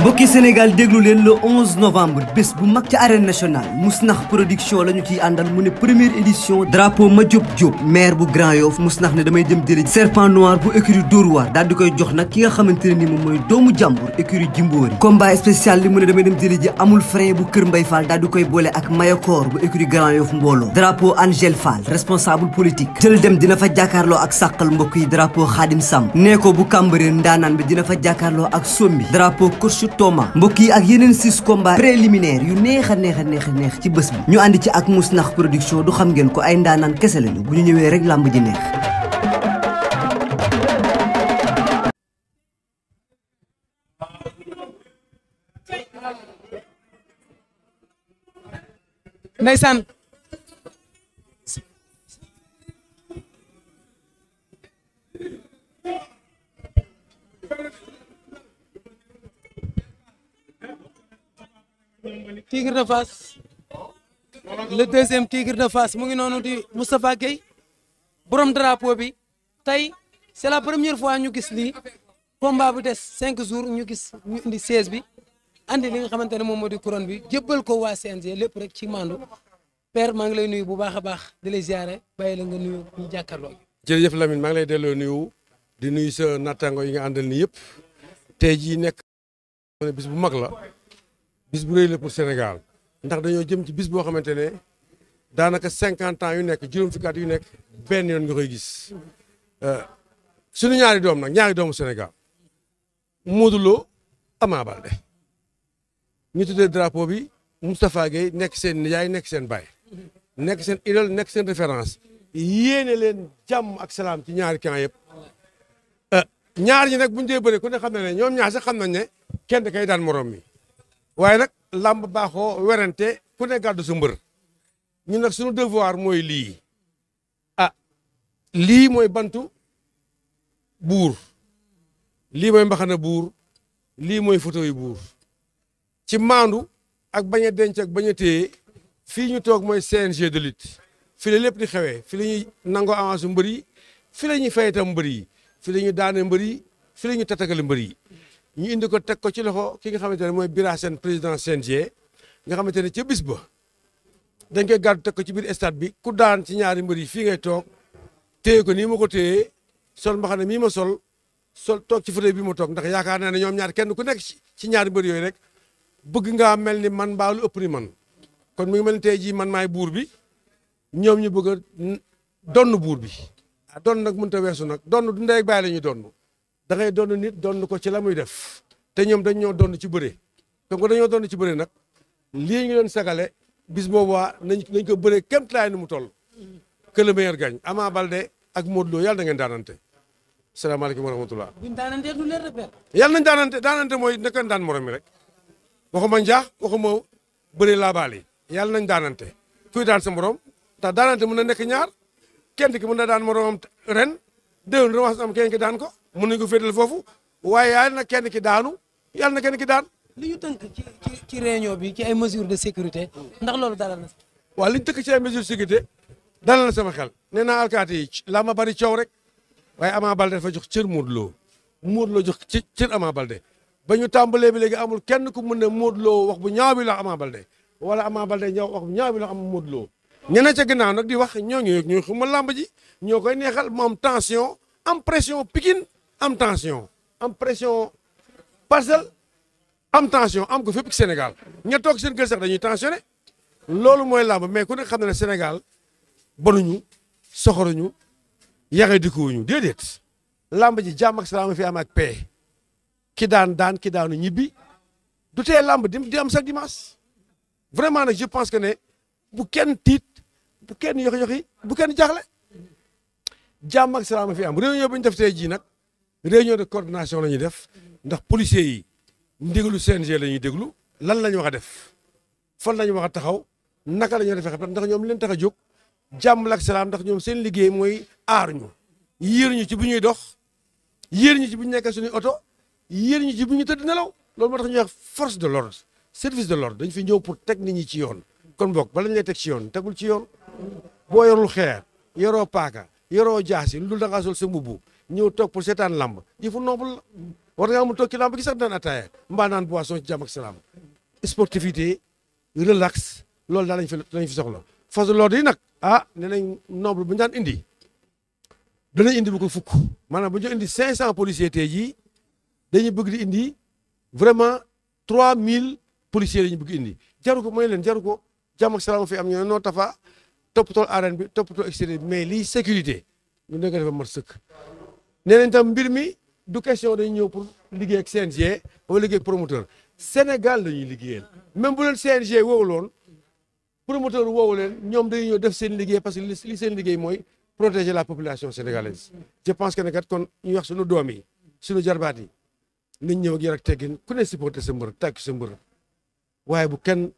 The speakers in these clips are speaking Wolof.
mbokki Sénégal déglu leen le 11 novembre bés bu mag ca arène nationale Mousnakh production la ñu ciy àndal mu ne première édition drapeau Madiop Diop maire bu Grand Yoff Mousnakh ne damay dem jëli serpent noir bu écurie Dóor waar daal koy jox nag ki nga xamante ne ni moom mooy doomu jàmbur écurie Jimbóori combat spécial li mu ne damay dem jëli ji amul frein bu Kër Mbay Fall daal koy boole ak Mayakoor bu écurie Grand Yoff mbooloo drapeau Angèle Fall responsable politique jël dem dina fa jàkkaarloo ak mbokk yi drapeau Xaadim Sam nee ko bu Cambérène ndaanaan bi dina fa jàkkaarloo ak sombi drapeau Fatou Thomas mbokk yi ak yeneen six combats préliminaires yu neex a neex a neex a neex ci bés bi ñu àndi ci ak Mousnakh production du xam ngeen ko ay ndaanaan kese lañu bu ñu ñëwee rek làmb ji neex ndeysaan Tigre de Fass le deuxième Tigre de Fass mu ngi noonu di Moustapha Gueye borom drapeau bi tey c'est la première fois ñu gis lii combat bu des cinq jours ñu gis ñu indi seize bi andi li nga xamante ne moom moo di couronne bi jëppal ko waa CNG lépp rek ci mandu père maa ngi lay nuyu bu baax a baax di lay ziare bàyyi la nga nuyu ñu jàkkaarloo. jërëjëf Lamine maa ngi lay delloo nuyu di nuyu sa nattango yi nga àndal ni yëpp tey jii nekk bu mag la. bis bu rëy la pour Sénégal ndax dañoo jëm ci bis boo xamante ne daanaka cinquante ans yu nekk juróom fukki at yu nekk benn yoon nga koy gis euh, suñu ñaari doom nag ñaari doomu Sénégal Modou Lo Ama Baldé ñu tuddee drapeau bi Moustapha Gueye nekk seen nijaay nekk seen baay nekk seen idole nekk seen référence yéene leen jàmm ak salaam ci ñaari camp yëpp euh, ñaar ñi nag buñ dee bëri ku ne xam na ne ñoom ñaar sax xam nañ ne kenn kay daan moroom mi waaye nag làmb baaxoo werante ku ne gàddu su ñu nag suñu devoir mooy lii a ah, lii mooy bantu buur lii mooy mbaxana buur lii mooy photo buur ci maandu ak bañ a denc ak bañ a téye fii ñu toog mooy CNG de lutte fi la lépp di xewee fi la ñuy nangoo avance mbër yi fi la ñuy fay itam mbër yi fi la ñuy daane mbër yi fi la ñuy tatagal yi ñu indi ko teg ko ci loxo ki nga xamante ne mooy Bira Sène président CNG nga xamante ne ca bis ba dañ koy gàddu teg ko ci biir stade bi ku daan ci ñaari mbër yi fii ngay toog téye ko nii ma ko sol mbaxane mii ma sol sol toog ci fauteuil bi mu toog ndax yaakaar naa ne ñoom ñaar kenn ku nekk ci ñaari mbër yooyu rek bëgg ngaa mel ni man mbaa ëpp ni man kon mu ngi mel ni tey jii man maay buur bi ñoom ñu bëgg a donn buur bi ah donn nag mun a weesu nag donn du ndey la ñuy donn da ngay doon nit doon ko ci la def te ñoom dañ ñoo doon ci bëre donc dañoo doon ci bëre nag lii ñu doon sagale bis boobu waa nañ nañ ko bëree kem talaay nu mu toll que le meilleur gagne Ama ak Modou Lo yàlla da ngeen daanante salaamaaleykum wa rahmatulah. buñ daanante du leer rek. nañ daanante daanante mooy naka daan morom mi rek waxuma njaax waxuma bëre laabaal yi yàlla nañ daanante kuy daan sa morom ta daanante mun na nekk ñaar kenn ki mën na daan moromam ren déwén revanche am kenn daan ko. mun nañu ko féetal foofu waaye yàlla na kenn ki daanu yàlla na kenn ki daan. li ñu tënk ci ci ci réunion bi ci ay mesures de sécurité ndax loolu dalal na. waaw li ñu tënk ci ay mesures de sama xel nee naa alkaati yi laa ma bari coow rek waaye amaa Balde dafa jox cër Modou Lo Modou Lo jox ci cër Ama Balde ba ñu tàmbalee bi léegi amul kenn ku mun ne Modou Lo wax bu ñaaw bi la Ama Balde wala Ama Balde ñaaw wax bu ñaaw bi la am Modou Lo ñeneen ca gannaaw nag di wax ñoo ñooy ñooy xuma làmb ji ñoo koy neexal mu am tension am pression am tension am pression parcelle am tension am ko fépp Sénégal ña toog seen kër sax dañuy tensionné loolu mooy làmb mais ku nekk xam na ne Sénégal bonuñu ñu yaxee dikkuwuñu déedéet làmb ji jàmm ak salaam fi am ak paix ki daan daan ki daanu ñibbi du tee làmb di am sax dimanche vraiment nag je pense que ne bu kenn tiit bu kenn yoxi yoxi bu kenn jaaxle jàmm ak salaam fi am réunion ñu def tey jii nag. réunion de coordination la ñuy def ndax policiers yi ndigalu CNG la ñuy déglu lan la ñu wax def fan la ñu wax a taxaw naka la ñu defee ndax ñoom leen tax a jóg jàmm ak salaam ndax ñoom seen liggéey mooy aar ñu yéer ñu ci bu ñuy dox yéer ñu ci bu ñu nekkee suñuy oto yéer ñu ci bu ñu tëdd nelaw loolu moo tax ñu wax force de l'ordre service de l'ordre dañ fi ñëw pour teg ni ñi ci yoon kon boog bala ñu lay teg ci yoon tegul ci yoon boo yorul xeer yoroo paaka yoroo jaasi lu dul da ngaa sol sa mbubb ñëw toog pour seetaan lamb yëfu noobul la war ngaa ci lamb gi sax naan ataaya mbaa naan boisson ci jàmm ak sportivité relax loolu daal lañ fi lañ fi soxla fas loolu yi nag ah nee nañ noobul bu ñu indi danañ indi bu ko fukk maanaam bu ñu indi cinq policiers tey jii dañuy bëgg di indi vraiment mille policiers la ñu bëgg indi jaru ko mooy leen jaru ko jàmm ak salaam noo tafa toppatoo arène bi toppatoo extérieur bi mais lii sécurité ñu ne ko dafa mat sëkk. nee nañ tam mbir mi du question dañ ñëw pour liggéey ak CNG wala liggéey promoteur Sénégal la ñuy liggéeyal même bu leen CNG woowuloon promoteur woowu leen ñoom dañuy ñëw def seen liggéey parce que li seen liggéey mooy protéger la population sénégalaise. je pense que ne kat kon ñu wax sunu doom yi suñu jarbaat yi nañ ñëw ak yar ak teggin ku ne supporter sa mbër tàkk sa waaye bu kenn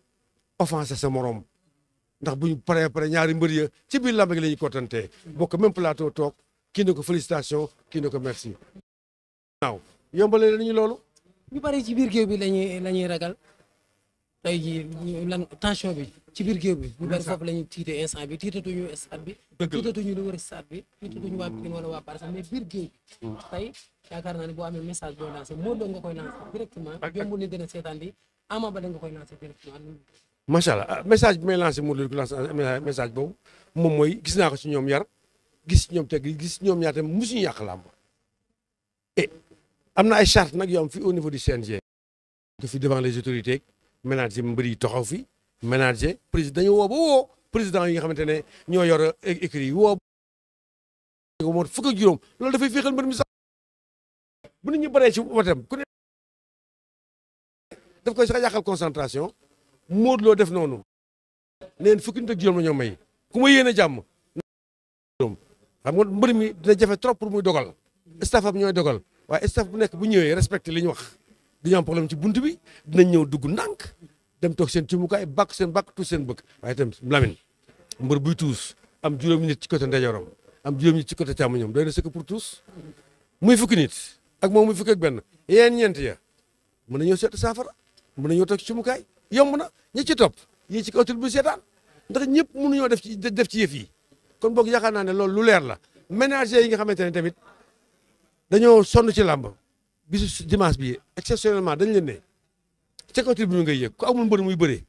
offensé sa morom. ndax bu ñu paree pare ñaari mbër ci biir làmb gi la ñuy kontante bokk même plateau toog kii ne ko félicitation kii ne ko merci. naaw yombale nañu loolu. ñu bari ci biir géew bi lañuy lañuy ragal tey jii lan tension bi ci biir géew bi. ñu bari foofu lañuy tiite instant bi tiitatuñu stade bi. dëgg la tiitatuñu lu wër stade bi. tiitatuñu waa Pikine wala waa Parcelles mais biir géew bi. Mm. tey yaakaar naa ne boo amee message boo lancé moo doon nga koy lancé directement. ak ak yombul ni dina seetaan bi Ama Baldé nga directement. macha allah ah, message bi may lancé Modou Lo di ko ah, message boobu moom mooy gis ko ci ñoom yar gis ñoom teg gis ñoom ñaar tamit musuñu yàq làmb et eh, am na ay charte nag yo am fii au niveau du CNG. que fi devant les autorités ménager mbër yi taxaw fi ménager président dañu woo président yi nga xamante ne ñoo yor eh, écrit yi woo. moo fukk ak juróom loolu dafay féexal mbër mi sax bu nit ñi baree ci watam ku ne daf concentration. Modou Lo def noonu neen fukki nit ak juróom ñoo may ku ma yéene jàmm xam nga mbër mi dina jafe trop pour dogal staff ñooy dogal waaye staff bu nekk bu ñëwee respecté li ñu wax du ñu am problème ci bunt bi dinañ ñëw dugg ndànk dem toog seen cimukaay bàkk seen bàkk tuus seen bëgg waaye itam Lamine mbër buy tuus am juróomi nit ci côté ndeyjooram am juróomi nit ci côté càmmoñam doy na sëkk pour tuus muy fukki nit ak moo muy fukki ak benn yeen ñeent ya mën na ñoo seet saafara mën na ñoo toog ci cimukaay yomb na ñi ci topp ñii ci kaw tur bu seetaan ndax ñëpp mënuñoo def ci def ci yëf yi kon boog yaakaar naane ne loolu lu leer la ménager yi nga xamante ne tamit dañoo sonn ci làmb bisu dimanche bi exceptionnellement dañ leen ne ca kaw tur bi ngay yëg ku amul mbër muy bëree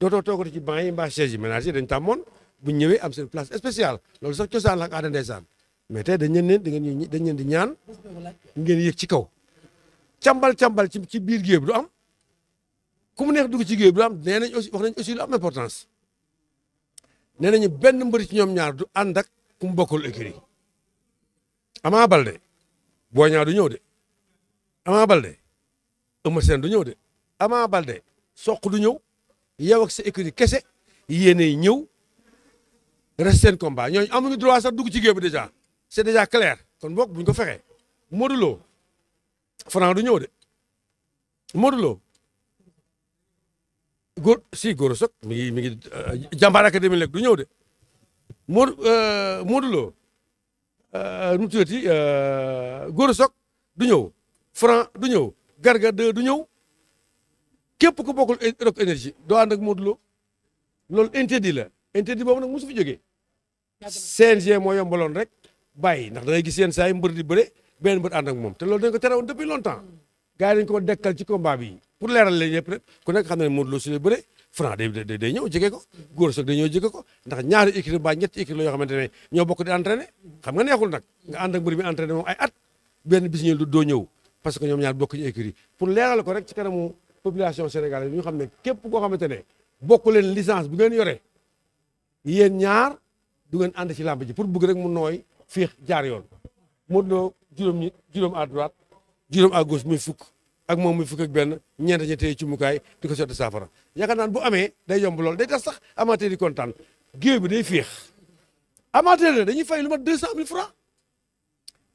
dootoo toogati ci banc yi mbaa chaise yi ménager dañ tàmmoon bu ñu ñëwee am seen place loolu sax cosaan la ak aada mais tey dañ leen ne da ngeen dañ leen di ñaan ngeen yëg ci kaw càmbal càmbal ci ci biir géew bi am ku mu neex dugg ci géew bi am nee nañ aussi wax nañ aussi lu am nee nañu benn mbër ci ñoom ñaar du ànd ak mu bokkul écurie Ama balde boo Niang du ñëw de Ama Baldé Eumeu Sène du ñëw de Ama Baldé Sokh du ñëw yow ak sa écurie kese yéenay ñëw reste seen combat ñooñu amuñu droit sax dugg ci géew bi déjà c'est déjà clair kon bokk buñ ko fexee Modou Lo Franc du ñëw de Modou Lo góor si góor a mi ngi mi ngi euh, jàmbaar académie nag du ñëw de Modou euh, Modou Lo euh, nu mu tuddati góor a du ñëw franc du ñëw garga de du ñëw képp ku bokkul rek énergie doo ànd ak Modou Lo inter di la interdit boobu nag musu fi jógee CNG moo yombaloon rek bàyyi ndax da ngay gis yenn saa yi mbër di bëre benn mbër ànd ak moom te lool dañ ko terewoon depuis longtemps gars yi dañu ko dekkal ci ko bi pour leeral leen yëpp rek ko nekk xam ne Modou Lo su dee bëre Franc day day jege ko góor soog day ñëw jege ko ndax ñaari écurie ba ñetti écurie la yoo xamante ne ñoo bokk di entraîné xam nga neexul nag nga ànd ak mbir mi entraîné moom ay at benn bis ñëw doo ñëw parce que ñoom ñaar bokk ñu écurie pour leeral ko rek ci kanamu population sénégalaise ñu xam ne képp koo xamante ne bokk leen licence bu ngeen yore yéen ñaar du ngeen ànd ci làmb ji pour bëgg rek mu nooy fiix jaar yoon Modou Lo juróom ñi juróom à droite juróom à gauche muy fukk ak moom muy fukk ak benn ñeent ña tey ci mukaay di ko sotti saafara yaakaar naan bu amee day yomb lool day tax sax amateur di kontaan géew bi day féex amateur la dañuy fay lu mat deux cent mille francs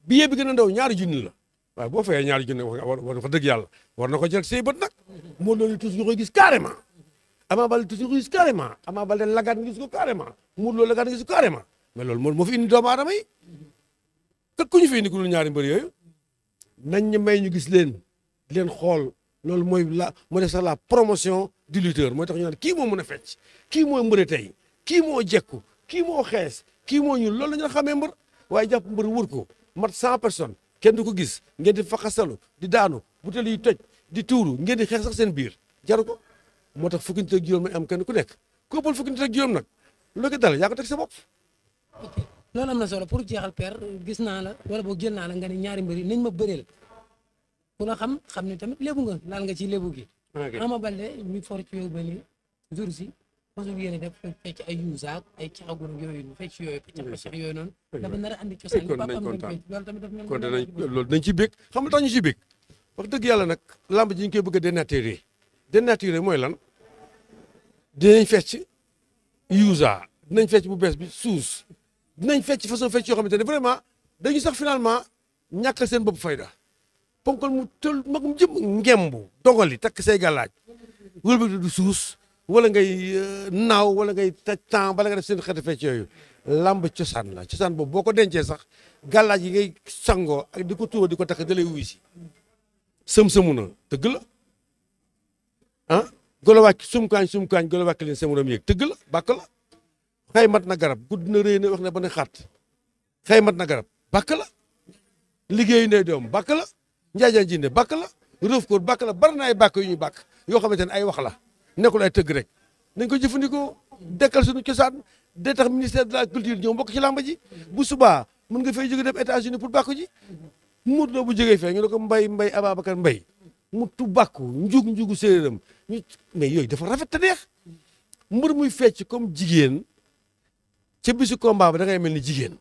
billet bi gën a ndaw ñaari junni la waaw boo fayee ñaari junni war fa dëgg yàlla war na ko jël say bët nag moo loolu tous ñu koy gis carrément Ama Baldé tous ñu koy gis carrément Ama Baldé lagaat nga gis ko carrément Modou Lô lagaat gis ko carrément mais loolu moo moo fi indi doomu aadama yi te ku ñu ñaari mbër yooyu nañ ñu may ñu gis leen leen xool loolu mooy la moo def sax la promotion du lutteur mooy tax ñu naan kii moo mun a fecc kii moo mbëre tey kii moo jekku kii moo xees kii moo ñu loolu la ñu xamee mbër waaye jàpp mbër wër ko mat cent personnes kenn du ko gis ngeen di faxasalu di daanu butel yi toj di tuuru ngeen di xeex sax seen biir jaru ko moo tax fukki nit ak juróom am kenn ku nekk ku ëppal fukki nit ak nag loo ko dal yaa ko teg sa bopp loolu am na solo pour jeexal père gis naa la wala boog jël naa la nga ne ñaari mbër yi nañ ma bëreel ku la xam xam ne tamit lébu nga laal nga ci lébu gi. ok Ama Baldé mi ba ni jour si mosul yéene def fecc ay yuusaak ay caxagur yooyu fecc yooyu fecc yooyu noonu. dafa nar a andi cosaan yi papaam doon fecc loolu tamit daf mel ni. loolu dañ bég xam nga tax ñu ci dëgg yàlla nag lamb ji koy bëgg a dénaturer dénaturer mooy lan dinañ fecc yuusa dinañ fecc bu bees bi suus dinañ fecc façon fecc yoo xamante ne vraiment dañu sax finalement ñàkkal seen bopp fayda ponkal mu tël mag mu jëm ngembu dogali takk say gàllaaj wëlbati du suus wala ngay euh, naaw wala ngay taj temps bala nga def seen xeetu fecc yooyu làmb cosaan la cosaan boobu boo ko dencee sax gàllaaj yi ngay sangoo ak di ko tuura di ko takk da lay sem si sëm-sëmu na dëgg la ah golo wàcc sumkaañ sumkaañ golo wàcc leen sëmu na mu yëg dëgg la bàkk la xëy mat na garab gudd na rëy na wax ne ba ne xaat xëy mat na garab bàkk la liggéeyu ne doom bàkk la njaajaan jinde bàkk la rëf koor bàkk la bari na bakk yu ñu bàkk yoo xamante ne ay wax la nekkul ay tëgg rek nañ ko jëfandikoo dekkal suñu cosaan day tax ministère de la culture ñëw mbokk ci làmb ji bu suba mën nga fay jóge dem États-Unis pour bakk ji muur doo bu jógee fee ñu ne ko mbay mbay Ababacar mbay mu tu bàkku njug njugu séeréeram ñu mais yooyu dafa rafet ta neex mbër muy fecc comme jigéen ca bisu combat ba da ngay mel ni jigéen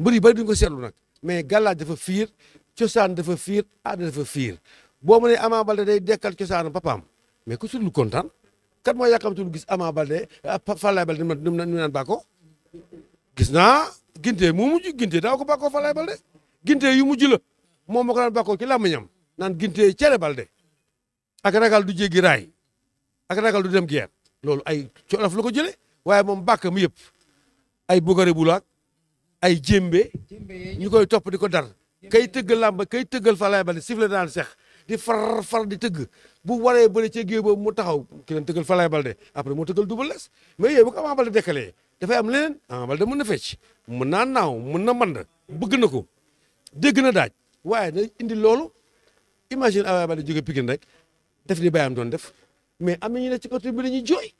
mbër yi bari duñ ko seetlu nag mais gàllaaj dafa fiir cosaan dafa fiir aada dafa fiir boo mënee Ama Baldé day dekkal cosaanu papaam mais ku sut lu kontaan kat moo yàkkamtu lu gis Ama Baldé ah, Falaye Baldé nu mu naan bàkkoo gis naa ginte mu mujj ginte daaw ko bàkkoo Falaye Baldé ginte yu mujj la moo ko daan bàkkoo ci làmmiñam naan ginte cere Baldé ak du jéggi raay ak du dem guerre loolu ay coono waaye moom bàkkam yëpp ay bugare bulaak ay jémbe ñu koy topp di ko dar kay tëgg làmb kay tëggal fa bal bale sifle daan sex di far far di tëgg bu ware bëri ca géew boobu mu taxaw ki leen tëggal fa lay balde après mu tëggal Double Less mais yooyu bu ko Ama Baldé dekkalee dafay am leneen Ama Baldé mën na fecc mën naa naaw mën na mën bëgg na ko dégg na daaj waaye na indi loolu imagine Ama Baldé jóge Pikine rek def ni bàyyam doon def mais am na ñu ne ci côté bi dañuy jooy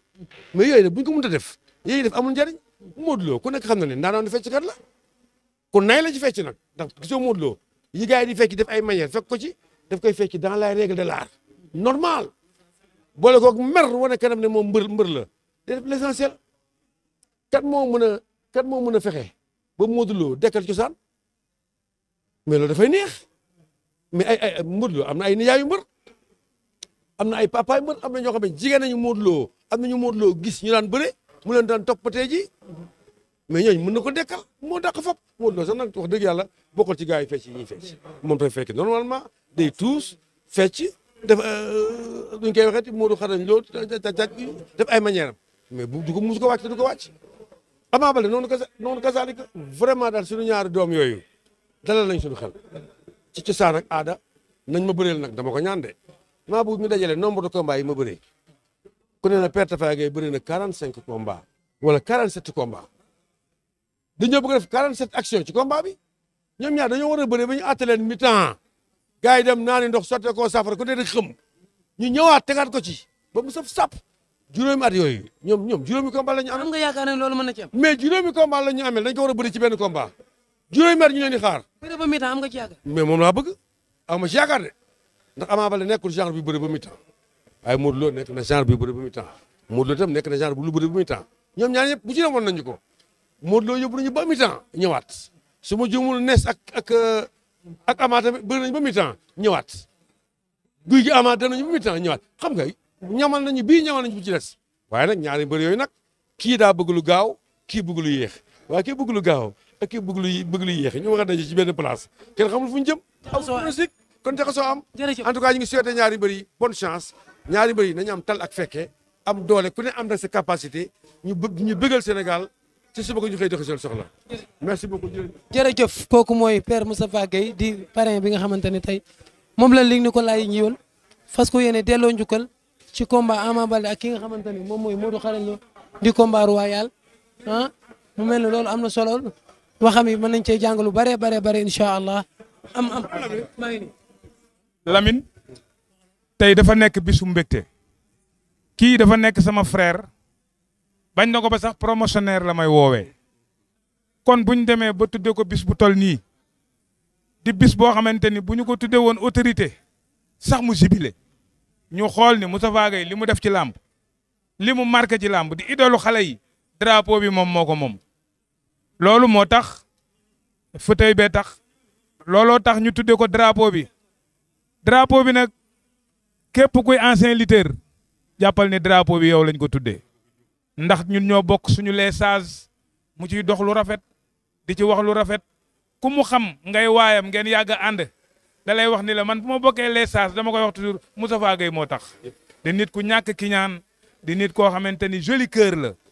mais yooyu nag bu ñu ko mënta def yooyu def amul njariñ Modou Lo ku nekk xam na ne ndaanaan di fecc kat la kon nay la ci fecc nag ndax gisoo Modou Lo yi gars def ay manière fekk ko ci daf koy fecc dans la règle de l'art normal boole koog mer wane kanam ne moom mbër mbër la day def l'essentiel moo mën a kat moo mën a fexe ba Modou loo dekkal cosaan mais loolu dafay neex mais ay ay Modou Lo am na ay nijaay yu mbër am na ay papaay mbër am na ñoo xam ne jigéen nañu Modou Lo am na ñu Modou Lo gis ñu daan bëre mu leen daan toppatee ji mais ñooñu mën na ko dekkal moo dàq fop Modou Lo sax nag wax dëgg yàlla bokkul ci gars yi fecc yi ñuy fecc moom dafay fekk normalement day tuus fecc def duñ euh, koy waxeeti Modou xarañ loolu def ay manière am mais bu du ko mus ko wàcc te du ko wàcc Ama Baldé noonu kasa noonu kasaalika vraiment daal suñu ñaari doom yooyu dalal nañ suñu xel ci cosaan ak aada nañ ma bëreel nag dama ko ñaande maa bu ñu dajale nombre de combats yi ma bëree na perte faa ngay bëri na 45 combats wala 47 combats dañoo bëgg def 47 actions ci combat bi ñoom ñaar dañoo war a bëri ba ñu àtte dem naani ndox sotte koo safara ku ne di xëm ñu ñëwaat ko ci ba mu saf sap juróomi at yooyu ñoom ñoom juróomi la ñu am. am nga yaakaar ne loolu mën na ci am. mais juróomi combat la ñu amee dañ ko war a bëri ci benn nga mais moom laa bëgg am ndax Ama Baldé nekkul genre bi bëri ba mi temps waaye Modou Lo nekk na genre bi bëri ba mi temps Modou Lo tam nekk na genre bu lu bëri ba mi temps ñoom ñaar ñëpp bu ci demoon nañu ko Modou Lo yóbbu nañu ba mi temps ñëwaat su ma juumul nees ak ak ak Ama tamit bëri nañu ba mi temps ñëwaat guy gi Ama danañu ba mi temps ñëwaat xam nga ñamal nañu bii ñamal nañu bu ci des waaye nag ñaari mbër yooyu nag kii daa bëgg lu gaaw kii bëgg lu yéex waaye kii bëgg lu gaaw ak kii bëgg lu bëgg lu yéex ñu wax nañu ci benn place kenn xamul fu ñu jëm. kon soo am. en tout cas ngi souhaité ñaari mbër yi bonne chance ñaari mbër yi nañu am tal ak fekke am doole ku ne am na sa capacité ñu bëgg ñu bëggal Sénégal ci suba ko ñu xëy la seen soxla. merci beaucoup jërëjëf. kooku mooy père Moustapha Guèye di parrain bi nga xamante ne tey moom la liggéey ni ko laay ñëwoon fas ko yéene delloo njukkal ci combat Ama Baldé ak ki nga xamante ne moom mooy moo Modou Xarañ Lo di combat royal ah mu mel ne loolu am na solo waxam yi mën nañ cee jàng lu bare bare bare incha allah am am Lamine tey dafa nekk bisu mbégte kii dafa nekk sama frère bañ na ko ba sax promotionnaire la may woowee kon buñ demee ba tuddee ko bis bu tol nii di bis boo xamante ni bu ñu ko tuddee woon autorité sax mu jibile ñu xool ni Moustapha yi li mu def ci làmb li mu marke ci làmb di idolu xale yi drapeau bi moom moo ko moom loolu moo tax fauteuil bee tax looloo tax ñu tuddee ko drapeau bi drapeau bi nag képp kuy ancien lutteur jàppal ne drapeau bi yow lañ ko tuddee ndax ñun ñoo bokk suñu lee sages mu ciy dox lu rafet di ci wax lu rafet ku mu xam ngay waayam ngeen yàgg a ànd da lay wax ni la man bu ma bokkee les sages dama koy wax toujours Moustapha Gueye moo tax. di nit ku ñàkk kiñaan di nit koo xamante ni joli cœur la.